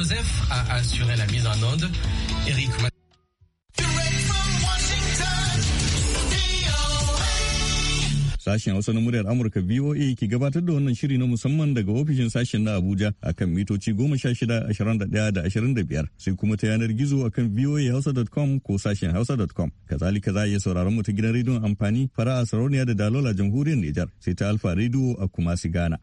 Joseph a assuré la mise en onde. Eric Sashen Hausa na muryar Amurka VOA ke gabatar da wannan shiri na musamman daga ofishin sashen na Abuja a kan mitoci 16, 21 da 25 sai kuma ta yanar gizo a akan voahausa.com ko sashen hausa.com. Kazalika za a iya sauraron mu ta gidan rediyon amfani fara a sarauniya da dalola jamhuriyar Nijar sai ta Alfa rediyo a Kumasi Ghana.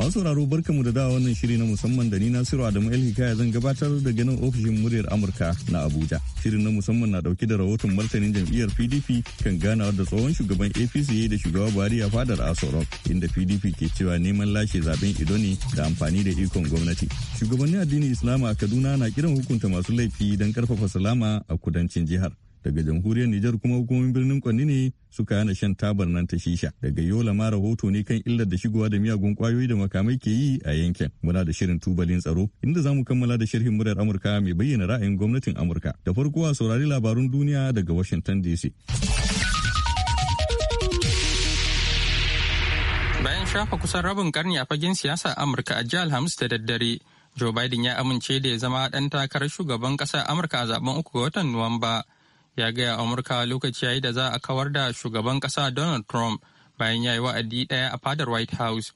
Masu sauraro barkamu da dawa wannan shiri na musamman da ni Nasiru Adamu Elhikaya zan gabatar da ganin ofishin muryar Amurka na Abuja. Shirin na musamman na dauke da rahoton martanin jam'iyyar PDP kan ganawar da tsohon shugaban APC da shugaba Buhari a fadar Asorok inda PDP ke cewa neman lashe zaben ido ne da amfani da ikon gwamnati. shugabanni addinin Islama a Kaduna na kiran hukunta masu laifi don karfafa salama a kudancin jihar. daga jamhuriyar Nijar kuma hukumomin birnin Kwanni ne suka hana shan tabar nan ta shisha. Daga Yola ma rahoto ne kan illar da shigowa da miyagun kwayoyi da makamai ke yi a yankin. Muna da shirin tubalin tsaro inda zamu kammala da sharhin muryar Amurka mai bayyana ra'ayin gwamnatin Amurka. Da farko a saurari labarun duniya daga Washington DC. Bayan shafa kusan rabin karni a fagen siyasa Amurka a jihar Hamis da daddare, Joe Biden ya amince da ya zama ɗan takarar shugaban ƙasar Amurka a zaben uku ga watan Nuwamba. ya gaya amurka lokaci yayi da za a kawar da shugaban kasa donald trump bayan yayi yi wa'adi ɗaya a fadar white house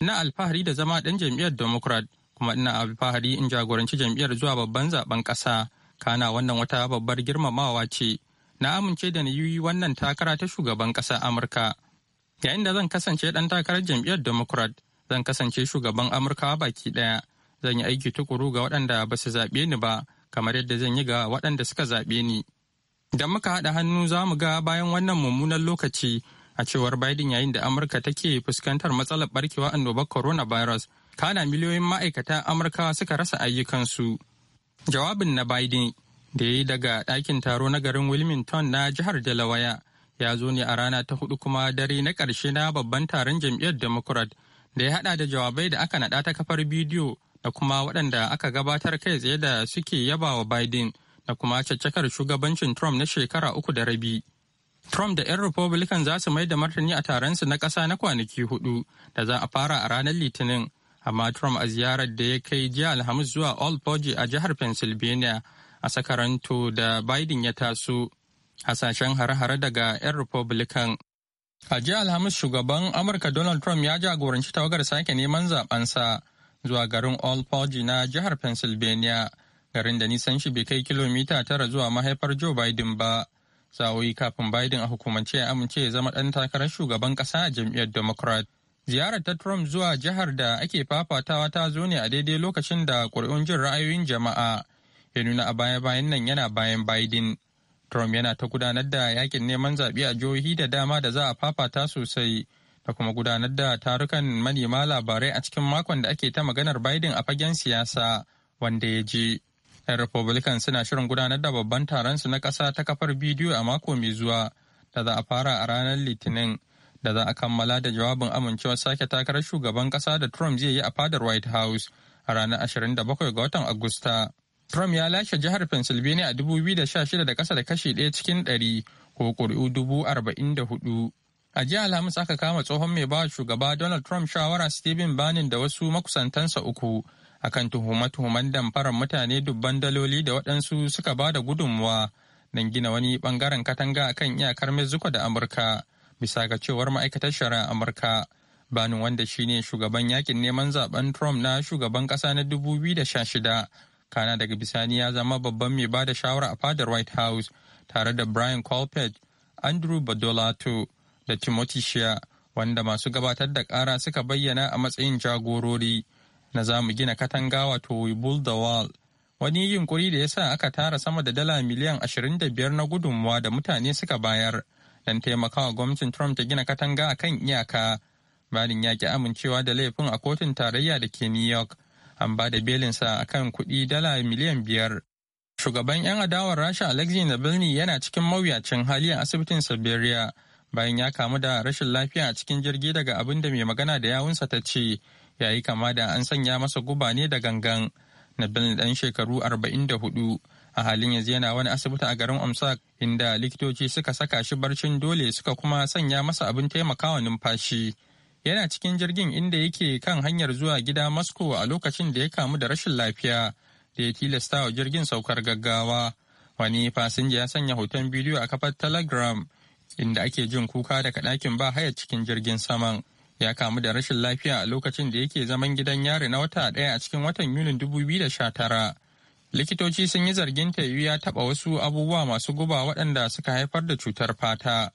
ina alfahari da zama ɗan jam'iyyar democrat kuma ina alfahari in jagoranci jam'iyyar zuwa babban zaben ƙasa kana wannan wata babbar girmamawa ce na amince da na yi wannan takara ta shugaban kasa amurka yayin da zan kasance ɗan takarar jam'iyyar democrat zan kasance shugaban amurka baki ɗaya zan yi aiki tukuru ga waɗanda ba su zaɓe ni ba kamar yadda zan yi ga waɗanda suka zaɓe ni da muka haɗa hannu za mu ga bayan wannan mummunan lokaci a cewar Biden yayin da Amurka take fuskantar matsalar barkewa annobar coronavirus. Kana miliyoyin ma'aikatan Amurka suka rasa ayyukansu. Jawabin na Biden da ya yi daga ɗakin taro na garin Wilmington na jihar Delaware ya zo ne a rana ta hudu kuma dare na ƙarshe na babban taron jam'iyyar Democrat da ya haɗa da jawabai da aka naɗa ta kafar bidiyo da kuma waɗanda aka gabatar kai tsaye da suke yaba wa Biden. da kuma caccakar shugabancin Trump na shekara uku da rabi. Trump da 'yan Republican za su mai da martani a taronsu na ƙasa na kwanaki hudu da za a fara a ranar Litinin, amma Trump a ziyarar da ya kai jiya Alhamis zuwa Old Forge a jihar Pennsylvania a Sakaranto da Biden ya taso hasashen hare-hare daga 'yan Republican. A jiya Alhamis shugaban Amurka Donald Trump ya jagoranci tawagar sake neman zabensa zuwa garin Old Forge na jihar Pennsylvania. garin da nisan shi bai kai kilomita tara zuwa mahaifar Joe Biden ba. Sa'o'i kafin Biden a hukumance ya amince ya zama ɗan takarar shugaban ƙasa a jam'iyyar Democrat. Ziyarar ta Trump zuwa jihar da ake fafatawa ta zo ne a daidai lokacin da ƙuri'un jin ra'ayoyin jama'a ya nuna a baya-bayan nan yana bayan Biden. Trump yana ta gudanar da yakin neman zaɓe a jihohi da dama da za a fafata sosai da kuma gudanar da tarukan manema labarai a cikin makon da ake ta maganar Biden a fagen siyasa wanda ya je. 'Yan Republican suna shirin gudanar da babban taron su na kasa ta kafar bidiyo a mako mai zuwa da za a fara a ranar Litinin da za a kammala da jawabin amincewar sake takarar shugaban kasa da Trump zai yi a fadar White House a ranar 27 ga watan Agusta. Trump ya lashe jihar Pennsylvania a 2016 da kasa da kashi ɗaya cikin ɗari ko ƙuri'u dubu arba'in da hudu. A jiya Alhamis aka kama tsohon mai bawa shugaba Donald Trump shawara Stephen Bannon da wasu makusantansa uku akan tuhuma-tuhuman damfarar mutane dubban daloli da waɗansu suka ba da gudunmuwa don gina wani ɓangaren katanga a akan iyakar mexico da amurka bisa ga cewar ma'aikatar shari'a amurka banin wanda shine shugaban yakin neman zaben trump na shugaban ƙasa na 2016 kana daga bisani ya zama babban mai ba da shawara a fadar white house tare da brian colpet andrew badolato da timothy shea wanda masu gabatar da ƙara suka bayyana a matsayin jagorori na zamu gina katanga wato we build the wall wani yunkuri da ya sa aka tara sama da dala miliyan 25 na gudunmuwa da mutane suka bayar don taimakawa gwamnatin Trump ta gina katanga a kan iyaka. Balin ya ki amincewa da laifin a kotun tarayya da ke New York, an ba da belinsa a kan kuɗi dala miliyan biyar. Shugaban 'yan adawar Rasha Alexei Navalny yana cikin mawuyacin hali a asibitin Siberia bayan ya kamu da rashin lafiya a cikin jirgi daga abin da mai magana da yawunsa ta ce yayi kama da an sanya masa guba ne da gangan na bin dan shekaru 44 a halin yanzu yana wani asibiti a garin omsak inda likitoci suka saka shi barcin dole suka kuma sanya masa abin taimakawa numfashi yana cikin jirgin inda yake kan hanyar zuwa gida moscow a lokacin da ya kamu da rashin lafiya da ya tilasta wa jirgin saukar gaggawa wani fasinja ya sanya hoton bidiyo a kafar telegram inda ake jin kuka daga ɗakin ba haya cikin jirgin saman ya kamu da rashin lafiya a lokacin da yake zaman gidan yari na wata ɗaya a cikin watan yunin 2019 likitoci sun yi zargin tayu ya taɓa wasu abubuwa masu guba waɗanda suka haifar da cutar fata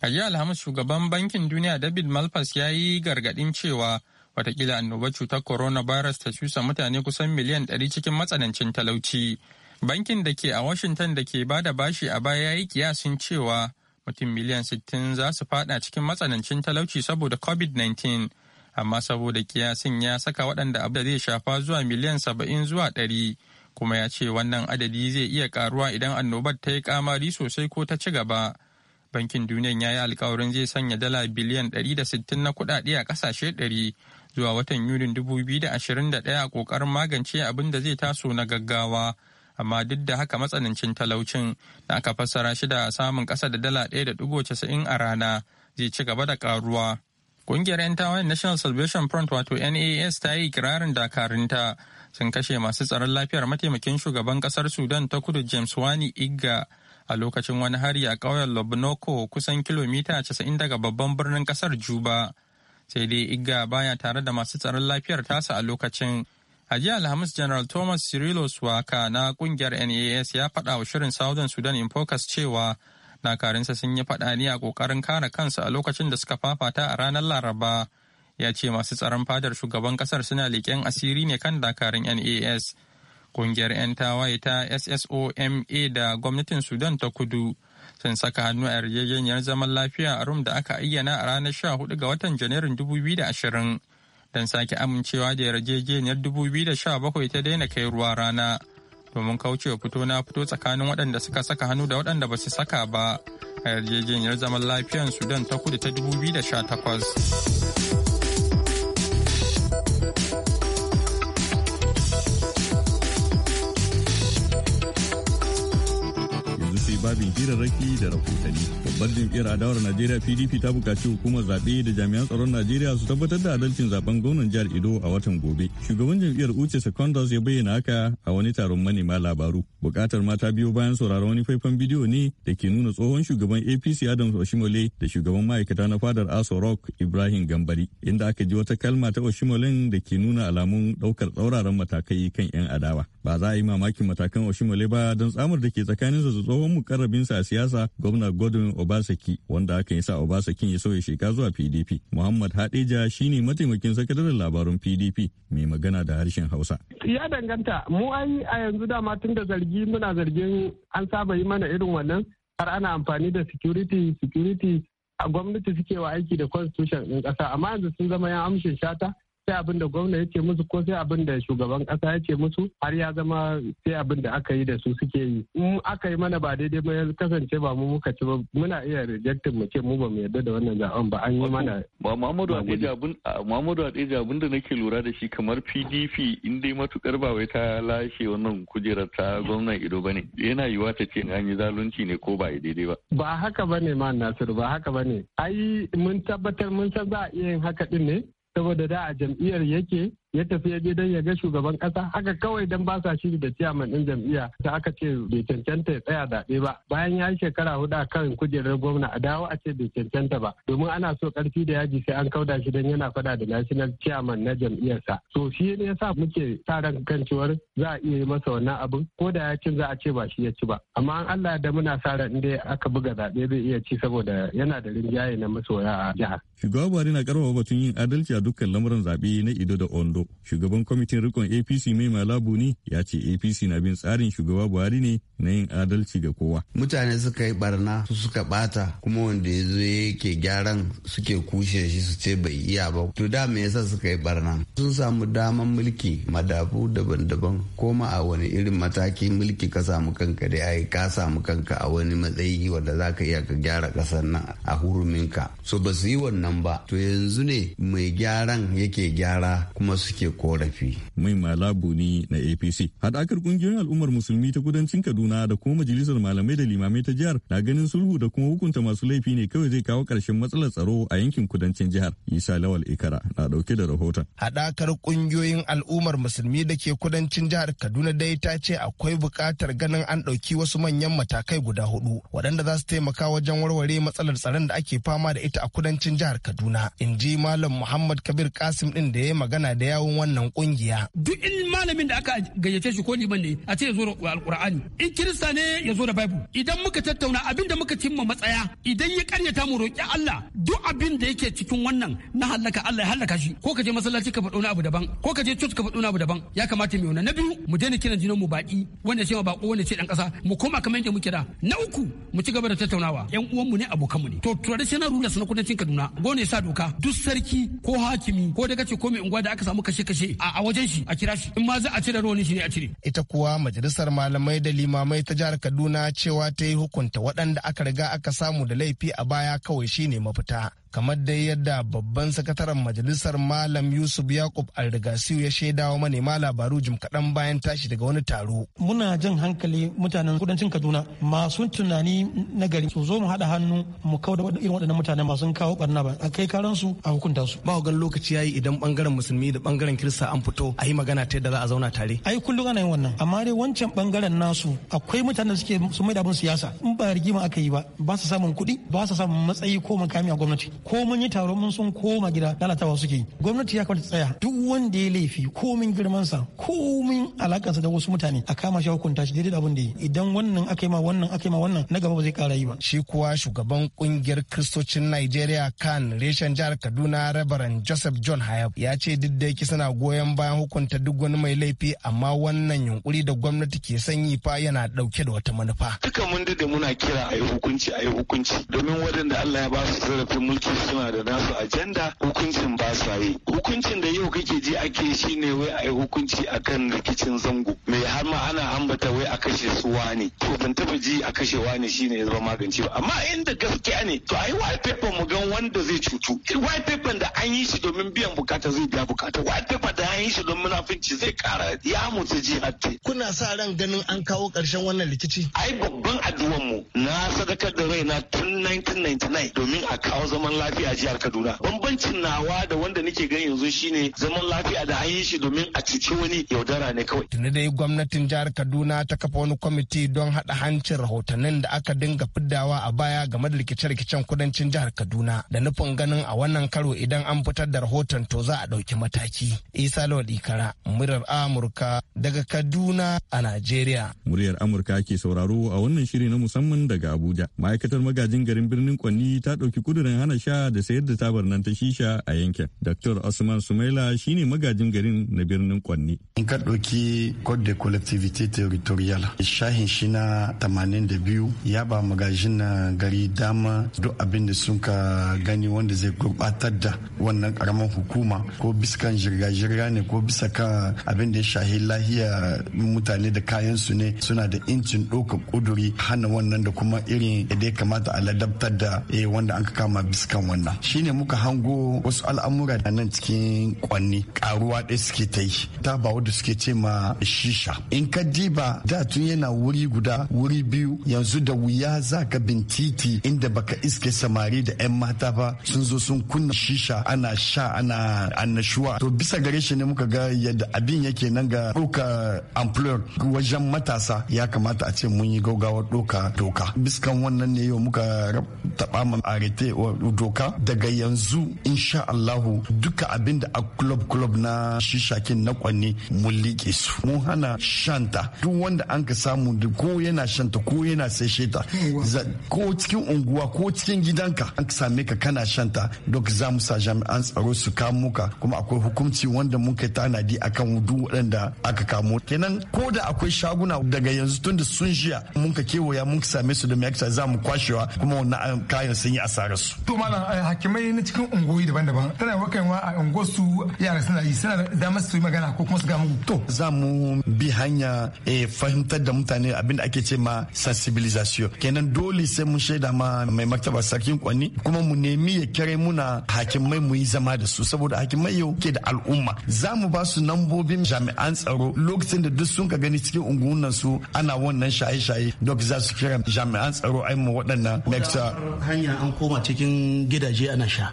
a jiya alhamis shugaban bankin duniya david malpass ya yi gargaɗin cewa watakila annobar cutar coronavirus ta cusa mutane kusan miliyan ɗari cikin matsanancin talauci bankin da ke a washington da ke ba da bashi a baya ya yi kiyasin cewa mutum miliyan 60 za su fada cikin matsanancin talauci saboda covid-19 amma saboda kiyasin ya saka waɗanda abu da zai shafa zuwa miliyan 70 zuwa 100 kuma ya ce wannan adadi zai iya karuwa idan annobar ta yi kamari sosai ko ta ci gaba bankin duniyan ya yi alkawarin zai sanya dala biliyan 160 na kuɗaɗe a ƙasashe 100 zuwa watan yunin 2021 a ƙoƙarin magance abin da zai taso na gaggawa amma duk da haka matsanancin talaucin da aka fassara shi da samun ƙasa da dala ɗaya da ɗigo casa'in a rana zai ci gaba da ƙaruwa. Ƙungiyar 'yan tawayen National Salvation Front wato NAS ta yi kirarin dakarunta sun kashe masu tsaron lafiyar mataimakin shugaban ƙasar Sudan ta kudu James Wani Igga a lokacin wani hari a ƙauyen Lobnoko kusan kilomita 90 daga babban birnin ƙasar Juba. Sai dai Igga baya tare da masu tsaron lafiyar tasa a lokacin A jiya Alhamis General Thomas Cirilos Waka na kungiyar NAS ya faɗa wa shirin Southern Sudan in Focus cewa dakarinsa sun yi faɗa ne a ƙoƙarin kare kansu a lokacin da suka fafata a ranar Laraba. Ya ce masu tsaron fadar shugaban ƙasar suna leƙen asiri ne kan dakarun NAS. Kungiyar 'yan tawaye ta SSOMA da gwamnatin Sudan ta kudu. sun saka hannu a yarjejeniyar zaman lafiya a rum da aka ayyana a ranar 14 ga watan janairun 2020 don sake amincewa da yarjejeniyar 2017 ta daina kai ruwa rana domin kaucewa fito na fito tsakanin waɗanda suka saka hannu da waɗanda ba su saka ba a yarjejeniyar zaman lafiyar sudan ta kudu ta 2018 babin raki da rahotanni babban jam'iyyar adawar najeriya pdp ta bukaci hukumar zaɓe da jami'an tsaron najeriya su tabbatar da adalcin zaben gwamnan jihar ido a watan gobe shugaban jam'iyyar uche secondos ya bayyana haka a wani taron manema labaru buƙatar mata biyu bayan sauraron wani faifan bidiyo ne da ke nuna tsohon shugaban apc adams oshimole da shugaban ma'aikata na fadar aso rock ibrahim gambari inda aka ji wata kalma ta oshimolen da ke nuna alamun ɗaukar tsauraran matakai kan 'yan adawa ba za a yi mamakin matakan oshimole ba don tsamar da ke tsakaninsa da tsohon mukarrabinsa a siyasa gwamna godwin Obasaki wanda aka yi sa Obasakin ya sauya sheka zuwa PDP. Muhammad Hadeja shine mataimakin sakataren labarun PDP mai magana da harshen Hausa. Ya danganta mu ai a yanzu dama tun da zargi muna zargin an saba yi mana irin wannan har ana amfani da security security a gwamnati suke wa aiki da constitution ɗin ƙasa amma yanzu sun zama yan amshin shata sai abin da gwamna yake musu ko sai abin da shugaban kasa yake musu har ya zama sai abin da aka yi da su suke yi in aka yi mana ba daidai ba ya kasance ba mu muka ci ba muna iya rejectin mu ce mu ba mu yarda da wannan zaben ba an yi mana ba Muhammadu Adeja abin Muhammadu Adeja abin da nake lura da shi kamar PDP in dai matukar ba wai ta lashe wannan kujerar ta gwamnan Ido bane yana yiwa ta ce an yi zalunci ne ko ba daidai ba ba haka bane ma Nasiru ba haka bane ai mun tabbatar mun san za a iya yin haka din ne saboda da a jam'iyyar yake ya tafi ya je don ya ga shugaban kasa haka kawai don ba sa shiri da ciyaman din jam'iyya ta aka ce bai cancanta ya tsaya zaɓe ba bayan ya yi shekara hudu a kan kujerar gwamna a dawo a ce bai cancanta ba domin ana so karfi da yaji sai an kauda shi don yana fada da national chairman na jam'iyyarsa to shi ne sa muke sa ran kan cewar za a iya yi masa wannan abin ko da ya cin za a ce ba shi ya ci ba amma an Allah da muna sa ran inda aka buga zaɓe zai iya ci saboda yana da rinjaye na masoya a jihar. Shugaba Buhari na karfafa batun yin adalci a dukkan lamuran zaɓe na Ido da Ondo Ondo. Shugaban kwamitin rikon APC mai malabu ne ya ce APC na bin tsarin shugaba Buhari ne na yin adalci ga kowa. Mutane suka yi barna su suka bata kuma wanda ya zo yake gyaran suke kushe shi su ce bai iya ba. To da me yasa suka yi barna? Sun samu daman mulki madafu daban-daban koma a wani irin mataki mulki ka samu kanka da ya yi ka samu kanka a wani matsayi wanda za ka iya ka gyara kasar nan a huruminka. So ba su yi wannan ba. To yanzu ne mai gyaran yake gyara kuma su suke korafi. Mai malabu ne na APC. Haɗakar ƙungiyoyin al'ummar musulmi ta kudancin Kaduna da kuma majalisar malamai da limamai ta jihar na ganin sulhu da kuma hukunta masu laifi ne kawai zai kawo ƙarshen matsalar tsaro a yankin kudancin jihar. Isa Lawal Ikara na dauke da rahoton. Haɗakar ƙungiyoyin al'ummar musulmi da ke kudancin jihar Kaduna dai ta ce akwai buƙatar ganin an ɗauki wasu manyan matakai guda hudu waɗanda za su taimaka wajen warware matsalar tsaron da ake fama da ita a kudancin jihar Kaduna. In ji Malam Muhammad Kabir Kasim ɗin da ya magana da yawa yawun wannan kungiya. Duk in malamin da aka gayyace shi ko liman ne a ce ya zo da alkur'ani in kirista ne ya zo da bible idan muka tattauna abin da muka cimma matsaya idan ya karyata mu roƙi Allah duk abin da yake cikin wannan na halaka Allah ya halaka shi ko ka je masallaci ka faɗo abu daban ko ka je church ka faɗo abu daban ya kamata mu yi na biyu mu daina kiran jinan mu baƙi wanda ce ma baƙo wanda ce ɗan ƙasa mu koma kamar yadda muke da na uku mu ci gaba da tattaunawa yan uwan mu ne abokan mu ne to traditional rulers na kudancin Kaduna gone sa doka duk sarki ko hakimi ko daga ce ko mai unguwa da aka samu kashe-kashe a wajen shi a kira shi in ma za a cire ruwan shi ne a cire. Ita kuwa majalisar malamai da limamai ta jihar Kaduna cewa ta yi hukunta waɗanda aka riga aka samu da laifi a baya kawai shine mafita. kamar dai yadda babban sakataren majalisar malam yusuf yakub alrigasiyu ya shaidawa manema labaru jim kaɗan bayan tashi daga wani taro muna jan hankali mutanen kudancin kaduna masu tunani na gari su zo mu haɗa hannu mu kau da irin waɗannan mutanen masu kawo ɓarna ba a kai karan su a hukunta su ba ga lokaci yayi idan bangaren musulmi da bangaren kirista an fito a yi magana ta yadda za a zauna tare ai kullum ana yin wannan amma dai wancan bangaren nasu akwai mutanen da suke su mai da abin siyasa in ba rigima aka yi ba ba su samun kuɗi ba su samun matsayi ko makami a gwamnati ko mun yi taro mun sun koma gida lalatawa suke gwamnati ya kamata tsaya duk wanda ya laifi komin girmansa komin alakansa da wasu mutane a kama shi hukunta shi daidai da abin da yi idan wannan aka yi ma wannan aka yi ma wannan na gaba ba zai kara yi ba shi kuwa shugaban kungiyar kristocin Najeriya kan reshen jihar Kaduna Reverend Joseph John Hayab ya ce duk da yake suna goyon bayan hukunta duk wani mai laifi amma wannan yunkuri da gwamnati ke sanyi fa yana dauke da wata manufa duka mun da muna kira a yi hukunci a yi hukunci domin waɗanda Allah ya ba su zarafin mulki su suna da nasu ajanda hukuncin ba sa yi hukuncin da yau kake ji ake shi ne wai a yi hukunci a kan rikicin zango mai har ma ana ambata wai a kashe su wani to ban taba ji a kashe wani shine ya zama magance ba amma inda gaskiya ne to ai white paper mu gan wanda zai cutu white paper da an yi shi domin biyan bukata zai biya bukata white paper da an yi shi don munafinci zai kara ya mutu ji hatte kuna sa ran ganin an kawo karshen wannan rikici ai babban addu'an mu na sadakar da raina tun 1999 domin a kawo zaman lafiya a jihar Kaduna. Bambancin nawa da wanda nake gani yanzu shine zaman lafiya da an yi shi domin a cuci wani yaudara ne kawai. Tunda dai gwamnatin jihar Kaduna ta kafa wani kwamiti don haɗa hancin rahotannin da aka dinga fiddawa a baya game da rikice-rikicen kudancin jihar Kaduna da nufin ganin a wannan karo idan an fitar da rahoton to za a ɗauki mataki. Isa Lawal Ikara, muryar Amurka daga Kaduna a Najeriya. Muryar Amurka ke sauraro a wannan shiri na musamman daga Abuja. Ma'aikatar magajin garin birnin Kwanni ta ɗauki kudurin hana sha da sayar da tabar nan ta shisha a yankin. Dr. Usman Sumaila shine magajin garin na birnin Kwanni. In ka ɗauki Code de Collectivité Territorial, shahin shi na biyu. ya ba magajin gari dama duk abin da sun ka gani wanda zai gurɓatar da wannan ƙaramin hukuma ko biskan jirga-jirga ne ko bisa kan abin da ya shahi lahiya mutane da kayansu ne suna da incin ɗaukar ƙuduri hana wannan da kuma irin da ya kamata a ladabtar da eh, wanda an kama biskan akan wannan shine muka hango wasu al'amura da nan cikin kwanni karuwa ɗaya suke ta yi ta ba wadda suke ce ma shisha in ka diba da tun yana wuri guda wuri biyu yanzu da wuya za ka bin titi. inda baka iske samari da 'yan mata ba sun zo sun kunna shisha ana sha ana annashuwa to bisa gare shi ne muka ga yadda abin yake nan ga ɗauka ampleur wajen matasa ya kamata a ce mun yi gaugawar ɗauka doka biskan wannan ne yau muka taɓa ma arete wa doka daga yanzu insha Allahu duka abinda a club club na shishakin na kwanne mun liƙe su mun hana shanta duk wanda an ka samu ko yana shanta ko yana sai sheta ko cikin unguwa ko cikin gidanka an ka same ka kana shanta duk za mu sa jami'an tsaro su kamo ka kuma akwai hukunci wanda mun kai tanadi akan duk waɗanda aka kamo kenan ko da akwai shaguna daga yanzu tunda sun jiya mun ka kewaya mun ka same su da mai za mu kwashewa kuma wannan kayan sun yi asarar su. To Eh, hakimai na cikin unguwoyi daban-daban tana wa a unguwarsu yara suna yi suna damar su yi magana ko kuma su gamu to za mu bi hanya eh, fahimtar da mutane abinda ake ce ma sensibilisation kenan dole sai mun shaida ma mai martaba sarkin kwanni kuma mu nemi ya kare muna hakimai mu yi zama da su saboda hakimai yau ke da al'umma za mu ba su nambobin jami'an tsaro lokacin da duk sun ka gani cikin unguwan su ana wannan shaye-shaye dok za su kira jami'an tsaro ai mu waɗannan hanya an koma cikin gidaje ana sha.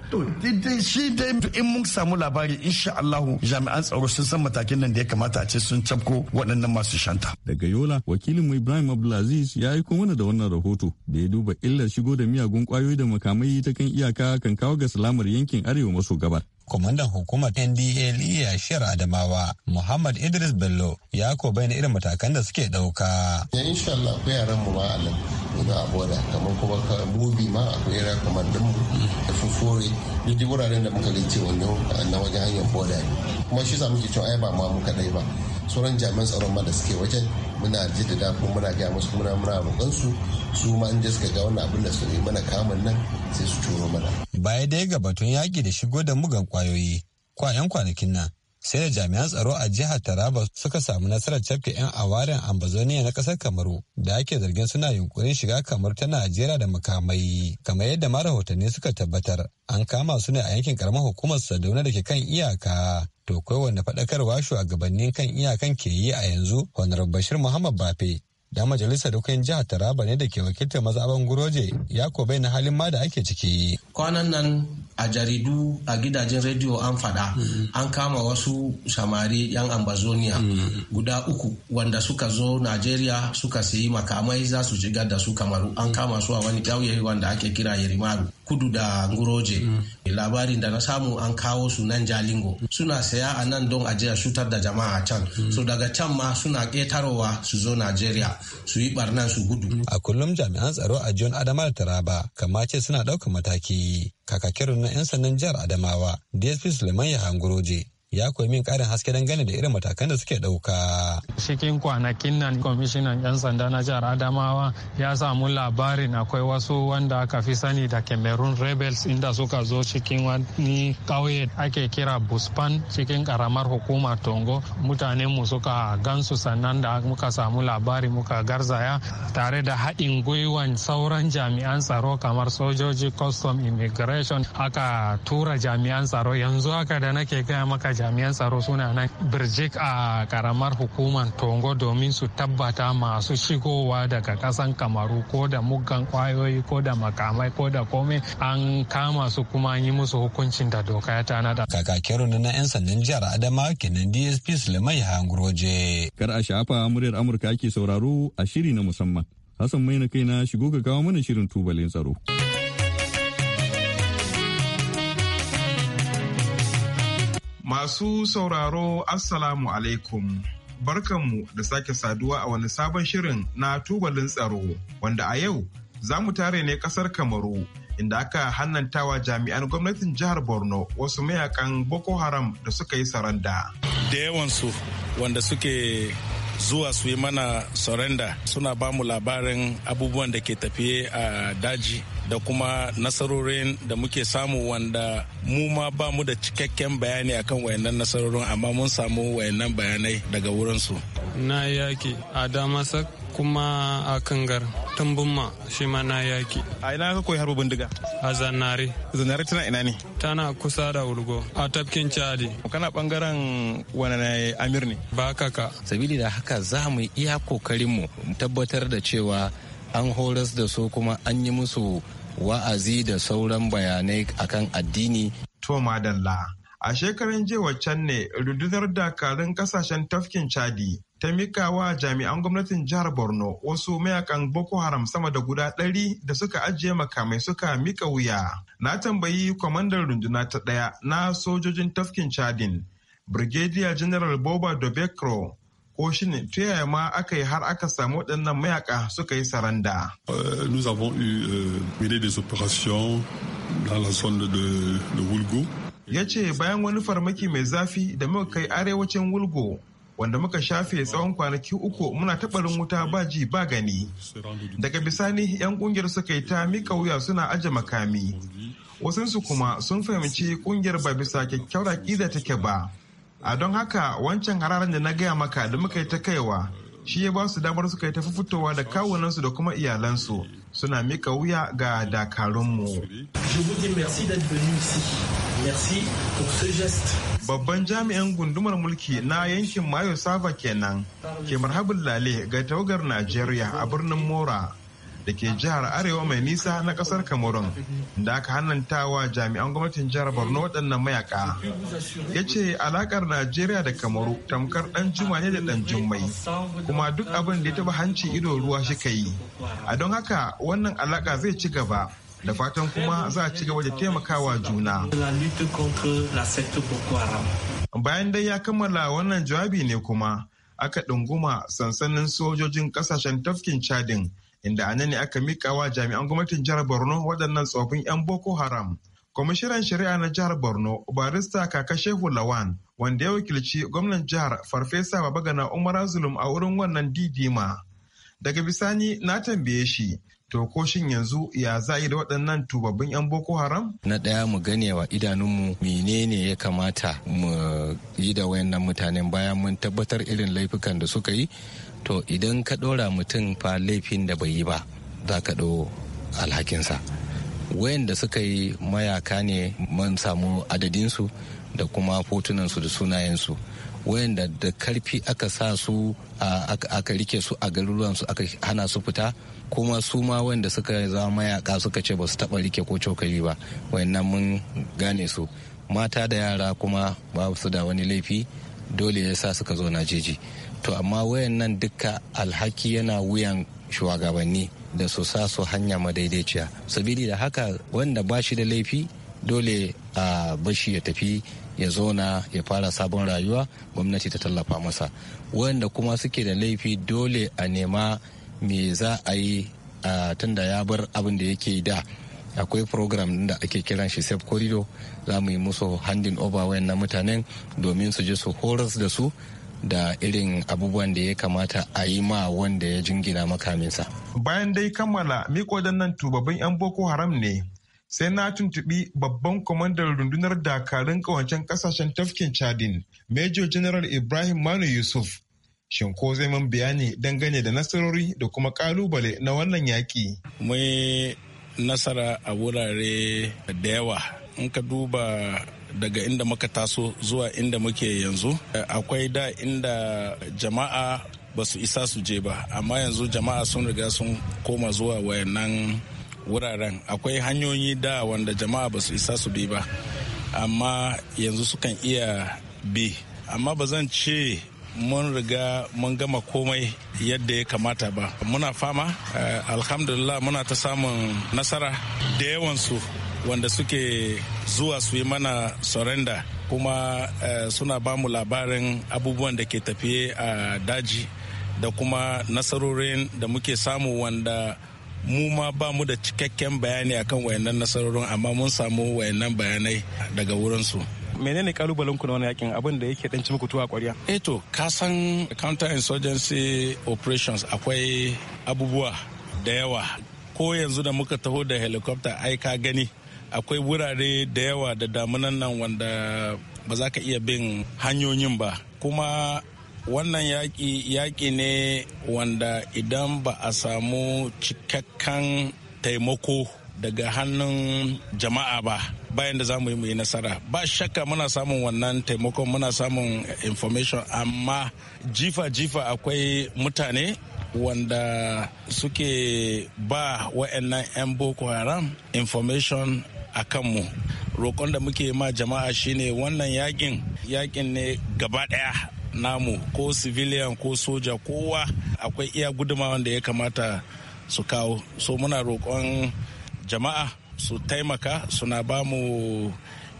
shi dai in mun samu labari insha Allahu jami'an tsaro sun san matakin nan da ya kamata a ce sun cafko waɗannan masu shanta. Daga Yola wakilin Ibrahim Abdulaziz ya yi mana da wannan rahoto da ya duba illar shigo da miyagun kwayoyi da makamai ta kan iyaka kan kawo ga salamar yankin arewa maso gabar. kwamandan hukumar ndle a shiyar adamawa muhammad idris bello ya ko bayan irin matakan da suke ɗauka. ya insha Allah yaran mu ba ma na boda kamar kuma bobi ma a ira kamar dan da fufore duk da wuraren da muka gaice wannan na wajen hanyar boda kuma shi sa muke cewa ai ba ma muka dai ba sauran jami'an tsaron ma da suke wajen muna jaddada kuma muna ga musu muna muna roƙon su su ma in suka ga wannan abin da su yi mana kamun nan sai su turo mana baya dai ga batun yaki da shigo da mugan kwayoyi kwayan kwanakin nan sai da jami'an tsaro a jihar Taraba suka samu nasarar cafke 'yan awarin Ambazoniya na kasar Kamaru da ake zargin suna yunkurin shiga kamar ta Najeriya da makamai. Kamar yadda ma rahotanni suka tabbatar, an kama su ne a yankin karamar hukumar Sadauna da ke kan iyaka. To kai wanda faɗakarwa shugabannin kan iyakan ke yi a yanzu, Honar Bashir Muhammad Bafe. Da majalisar dokokin jihar Taraba ne da ke wakiltar mazaban Guroje, ya ko bai na halin ma da ake ciki. Kwanan nan a jaridu a gidajen rediyo an faɗa mm-hmm. an kama wasu samari yan ambazonia mm-hmm. guda uku wanda suka zo najeriya suka sayi makamai za su shiga da su kamaru an kama su a wani ƙauye wanda ake kira yerimaru kudu da nguroje mm. Mm-hmm. labarin da na samu an kawo su nan jalingo suna saya a nan don ajiya shutar da jama'a can mm. so daga can ma suna ƙetarowa su zo najeriya su yi barnan su gudu a kullum jami'an tsaro a john adamar taraba kama ce suna ɗaukar mataki kakakirin na 'yan sandan jihar adamawa dsp suleiman ya hangoroje ya koyi min karin haske dangane da irin matakan da suke ɗauka. Cikin kwanakin nan kwamishinan 'yan sanda na jihar Adamawa ya samu labarin akwai wasu wanda aka fi sani da Cameroon Rebels inda suka zo cikin wani ƙauye ake kira Buspan cikin karamar hukumar Tongo. Mutanen mu suka gansu sannan da muka samu labari muka garzaya tare da haɗin gwiwan sauran jami'an tsaro kamar sojoji custom immigration aka tura jami'an tsaro yanzu haka da nake gaya maka jami'an tsaro suna nan birjik a karamar hukumar tongo domin su tabbata masu shigowa daga kasan kamaru ko da muggan kwayoyi ko da makamai ko da komai an kama su kuma an yi musu hukuncin da doka ya tanada. kakakin rundunar 'yan sandan jihar adama kenan dsp sulemai hangroje. kar a shafa muryar amurka ake sauraro a shiri na musamman hassan na kaina shigo ka kawo mana shirin tubalin tsaro. Masu sauraro Assalamu alaikum. Barkanmu da sake saduwa a wani sabon shirin na tubalin tsaro wanda a yau za mu tare ne kasar Kamaru inda aka hannantawa jami'an gwamnatin jihar Borno wasu mayakan Boko Haram da suka yi saranda. Da yawansu wanda suke zuwa su yi mana saranda suna ba mu labarin abubuwan da ke tafiye a daji da kuma nasarorin da muke samu wanda mu ma ba mu da cikakken bayani akan wayannan nasarorin amma mun samu wayannan bayanai daga wurinsu. Na yaki a Damasak kuma a Kangar Tambunma shi ma na yaki. A ina ka koyi harba bindiga? A Zanare. Zanare tana ina ne? Tana kusa da Urgo a tafkin Chadi. Kana bangaren wani Amir ne? Ba kaka. Sabili da haka za mu iya mu tabbatar da cewa an horas da su kuma an yi musu wa'azi da sauran bayanai akan addini. To madalla, a shekaran jiya waccan ne rundunar dakarun kasashen tafkin Chadi ta mikawa jami'an gwamnatin jihar Borno wasu mayakan Boko Haram sama da guda ɗari da suka ajiye makamai suka mika wuya. Na tambayi kwamandan runduna ta ɗaya na sojojin tafkin Chadin, Brigadier General Boba Dobekro ko shi ne ta yaya ma aka yi har aka samu waɗannan mayaka suka yi saranda. Euh, nous avons eu euh, mené des opérations dans la zone de, de Wulgo. Ya ce bayan wani farmaki mai zafi da muka kai arewacin Wulgo wanda muka shafe tsawon kwanaki uku muna taɓarin wuta ba ji ba gani. Daga bisani 'yan ƙungiyar suka yi ta mika wuya suna aje makami. Wasansu kuma sun fahimci ƙungiyar ba bisa kyakkyawar ƙida take ba. a don haka wancan hararan da na gaya maka da muka yi ta kaiwa shi ya ba su damar suka yi ta fitowa da kawunansu da kuma iyalansu suna mika wuya ga dakarunmu. Babban jami'an gundumar mulki na yankin Mayo Sava kenan, ke marhabin lale ga tawagar Najeriya a birnin Mora. da ke jihar arewa mai nisa na kasar cameroon da aka hannantawa jami'an gwamnatin jihar borno waɗannan mayaka ya ce alakar najeriya da kamaru tamkar ɗan juma ne da ɗan jummai kuma duk abin da ya taba hanci ido ruwa shi ka yi a don haka wannan alaka zai ci gaba da fatan kuma za a ci gaba da taimakawa juna bayan dai ya kammala wannan jawabi ne kuma aka ɗunguma sansanin sojojin ƙasashen tafkin chadin inda a nan ne aka mika wa jami'an gwamnatin jihar borno waɗannan tsofin 'yan boko haram kwamishinan shari'a na jihar borno barista kaka shehu lawan wanda ya wakilci gwamnan jihar farfesa babagana umar zulum a wurin wannan didima daga bisani na tambaye shi to ko shin yanzu ya za yi da waɗannan tubabbin 'yan boko haram na ɗaya mu gane wa idanunmu menene ya kamata mu yi da wayannan mutanen bayan mun tabbatar irin laifukan da suka yi to idan ka ɗora mutum fa laifin da bai yi ba za ka ɗo alhakinsa wayanda suka yi mayaka ne mun samu adadinsu da kuma hotunansu da sunayensu wayanda da karfi aka sa su aka rike su a garuruwan su aka hana su fita kuma su ma wayanda suka zama mayaka suka ce ba su taba rike ko cokali ba wayannan mun gane su mata da yara kuma ba su da wani laifi dole ya sa suka zo na jeji to amma wayannan dukka alhaki yana wuyan shugabanni da su sa su hanya madaidaiciya sabili da haka wanda ba shi da laifi dole a bashi ya tafi ya zauna ya fara sabon rayuwa gwamnati ta tallafa masa wanda kuma suke da laifi dole a nema me za a yi tun da ya bar abin da yake da akwai program da ake kiran shi safe corridor za mu yi musu handing over na mutanen domin su je su horas da su da irin abubuwan da ya kamata a yi ma wanda ya jingina makaminsa bayan dai kammala miko nan tubabbin 'yan boko haram ne sai na tuntuɓi babban kwamandan rundunar dakarun kawancen kasashen tafkin chadin major general ibrahim manu yusuf shin ko zai man bayani dangane da nasarori da kuma kalubale na wannan yaƙi mai nasara a wurare da yawa in ka duba daga inda muka taso zuwa inda muke yanzu akwai da inda jama'a ba su isa su je ba amma yanzu jama'a sun riga sun koma zuwa wayannan wuraren akwai hanyoyi da wanda jama'a ba su isa su bi ba amma yanzu sukan iya bi amma ba zan ce mun riga mun gama komai yadda ya kamata ba muna fama eh, alhamdulillah muna ta samun nasara da yawansu wanda suke zuwa su yi mana surrender kuma eh, suna ba mu labarin abubuwan da ke tafiye a daji da kuma nasarorin da muke samu wanda mu ma ba mu da cikakken bayani akan wayannan nasarorin amma mun samu wayannan bayanai daga wurinsu menene kalubalen ku na wani yakin abin da yake danci muku tuwa kwariya eh to ka san counter insurgency operations akwai abubuwa da yawa ko yanzu da muka taho da helicopter ai ka gani akwai wurare da yawa da damunan nan wanda ba za ka iya bin hanyoyin ba kuma wannan yaƙi yaƙi ne wanda idan ba a samu cikakken taimako daga hannun jama'a ba bayan da za mu yi mu nasara ba shakka muna samun wannan taimakon muna samun information amma jifa-jifa akwai mutane wanda suke ba wa'annan 'yan boko haram information a kanmu roƙon da muke ma jama'a shine wannan yakin yakin ne gaba ɗaya namu ko civilian ko soja kowa akwai iya guduma da ya kamata su kawo so muna roƙon jama'a su taimaka suna ba mu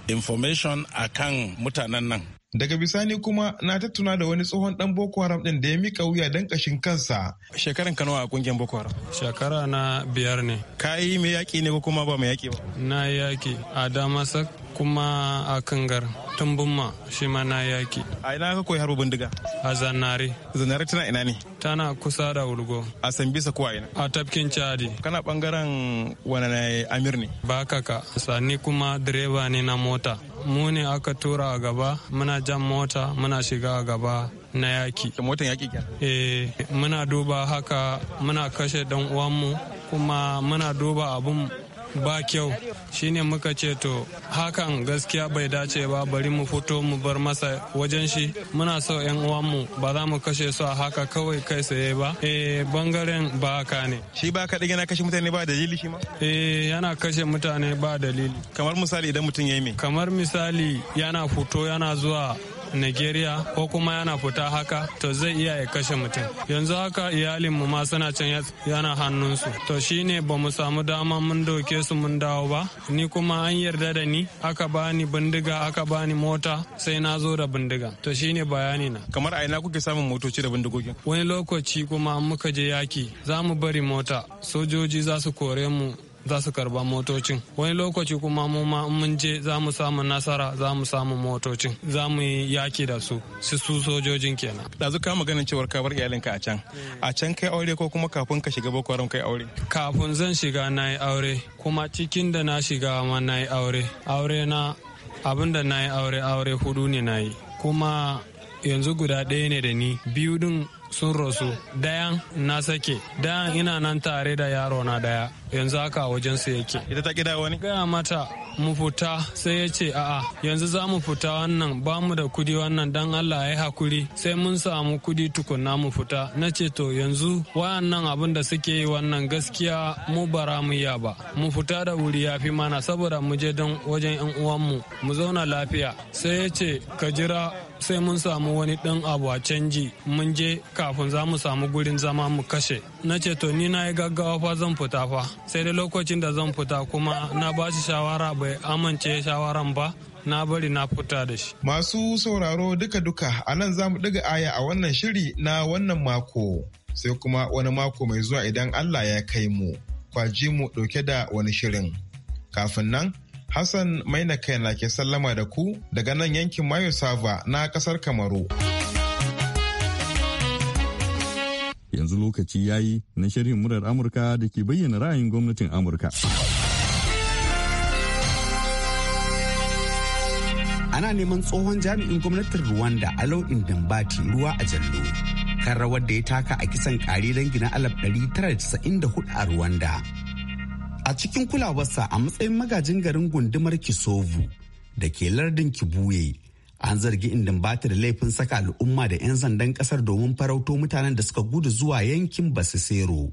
information a kan mutanen nan daga bisani kuma na tattuna da wani tsohon dan boko haram din da ya mika wuya dan kashin kansa shekaran ka nawa a kungiyar boko haram shekara na biyar ne Kayi mai yaki ne ko kuma ba mai yaki ba na yaki a damasak kuma a kangar tambunma shi ma na yaki a ina ka koyi harba bindiga a zanare zanare tana ina ne tana kusa da wulgo a sambisa ko a ina a tafkin chadi kana bangaren wani amir ne ba kaka sani kuma direba ne na mota mu ne aka tura a gaba muna jan mota muna shiga a gaba na yaki motan yaki eh muna duba haka muna kashe dan uwanmu kuma muna duba abun ba kyau shine muka ce to hakan gaskiya bai dace ba bari mu fito mu bar masa wajen shi muna so yan uwanmu ba za mu kashe su a haka kawai kai tsaye ba eh bangaren ba haka ne shi ba kaɗai yana kashe mutane ba dalili shi ma eh yana kashe mutane ba dalili kamar misali idan mutum ya yi me kamar misali yana fito yana zuwa nigeria ko kuma yana fita haka to zai iya ya kashe mutum yanzu haka iyalinmu ma suna can yana hannunsu to shine ba mu samu dama mun doke su mun dawo ba ni kuma an yarda da ni aka bani bindiga aka bani mota sai na zo da bindiga to shine bayani na kamar a ina kuke samun motoci da bindigogin wani lokaci kuma muka je yaki za mu bari mota sojoji za su kore mu za su karba motocin wani lokaci kuma mu ma mun je za mu samu nasara za mu samu motocin za mu yi yaki da su su su sojojin kenan ɗazu ka magana cewar ka bar iyalinka a can a can kai aure ko kuma kafin ka shiga boko haram kai aure kafin zan shiga na yi aure kuma cikin da na shiga ma na yi aure aure na abin da na yi aure aure hudu ne na yi kuma yanzu guda ɗaya ne da ni biyu din sun rasu dayan na sake dayan ina nan tare da yaro na daya yanzu haka wajen su yake ita ta kida wani gaya mata mu fita sai ya ce a'a yanzu za mu fita wannan ba mu da kudi wannan dan Allah ya hakuri sai mun samu kudi tukunna mu fita na ce to yanzu wayannan abin da suke yi wannan gaskiya mu bara mu ya ba mu fita da wuri ya fi mana saboda mu je don wajen yan uwanmu mu zauna lafiya sai ya ce ka jira sai mun samu wani ɗan abu a canji mun je kafin za mu samu gurin zama mu kashe na ce to ni na yi gaggawa fa zan fita fa sai da lokacin da zan fita kuma na ba shi shawara bai amince shawaran ba na bari na fita da shi. Masu sauraro duka-duka a nan za mu ɗiga aya a wannan shiri na wannan mako sai kuma wani mako mai zuwa idan Allah ya kai mu kwaji mu ɗauke da wani shirin. Kafin nan Hassan kai na ke sallama da ku daga nan yankin Mayo Sava na kasar Kamaru. Yanzu lokaci ya yi na shirin murar Amurka da ke bayyana ra'ayin gwamnatin Amurka. Ana neman tsohon jami'in gwamnatin Rwanda a lau'in dambati ruwa a jallo. Kan rawar da ya taka a kisan ƙari kare gina alab 994 a Rwanda. A cikin kulawarsa a matsayin magajin garin gundumar Kisovu da ke lardin Kibuye, an zargi indin bata da laifin saka al'umma da 'yan sandan kasar domin farauto mutanen da suka gudu zuwa yankin Basisero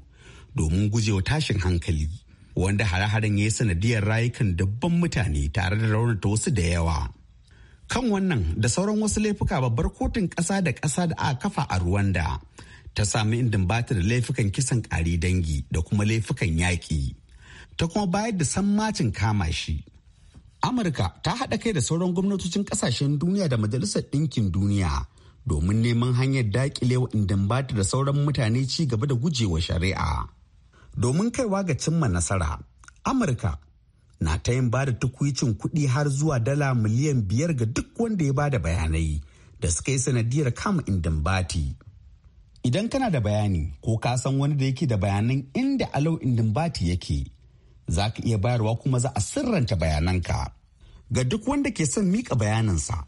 domin gujewa tashin hankali. Wanda hare-haren ya yi sanadiyar rayukan dabban mutane tare da raunata wasu da yawa. Kan wannan da sauran wasu laifuka babbar kotun ƙasa da ƙasa da aka kafa a Ruwanda ta sami indin bata da laifukan kisan ƙari dangi da kuma laifukan yaƙi. ta kuma bayar da sammacin kama shi. Amurka ta haɗa kai da sauran gwamnatocin ƙasashen duniya da Majalisar Ɗinkin Duniya domin neman hanyar daƙile waɗanda ba da sauran mutane ci gaba da gujewa shari'a. Domin kaiwa ga cimma nasara, Amurka na ta yin bada tukwicin kuɗi har zuwa dala miliyan biyar ga duk wanda ya bada bayanai da suka yi sanadiyar kama dimbati. Idan kana da bayani ko ka san wani da yake da bayanan inda alau indimbati yake, za ka iya bayarwa kuma za a sirranta bayananka ga duk wanda ke son mika bayanansa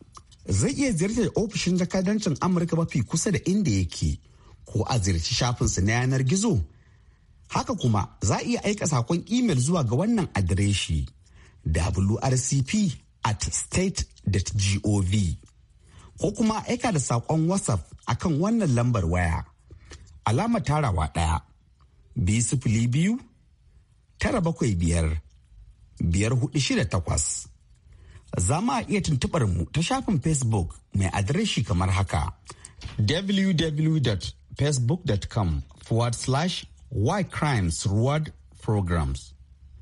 zai iya ziyartar ofishin jakadancin amurka mafi kusa da inda yake ko a ziyarci shafinsu na yanar gizo haka kuma za a iya aika sakon imel zuwa ga wannan adireshi wrcp at state.gov ko kuma aika da sakon whatsapp akan wannan lambar waya alama tarawa ɗaya biyu sifili biyu tara bakwai biyar biyar hudu shida takwas. Za ma iya tuntubar mu ta shafin Facebook mai adireshi kamar haka www.facebook.com forward slash why crimes reward programs.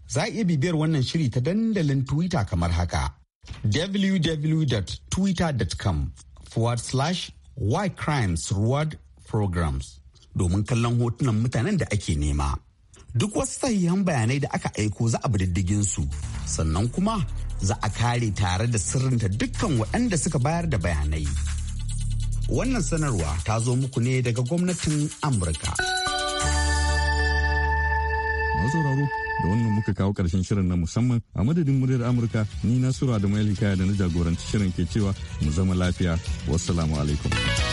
Za a iya bibiyar wannan shiri ta dandalin Twitter kamar haka www.twitter.com forward slash why crimes reward programs domin kallon hotunan mutanen da ake nema. duk wasu sahihan bayanai da aka aiko za a bi su sannan kuma za a kare tare da sirrinta dukkan waɗanda suka bayar da bayanai wannan sanarwa ta zo muku ne daga gwamnatin amurka sauraro da wannan muka kawo karshen shirin na musamman a madadin muryar amurka ni na sura da mai da na jagoranci shirin ke cewa mu zama lafiya alaikum alaikum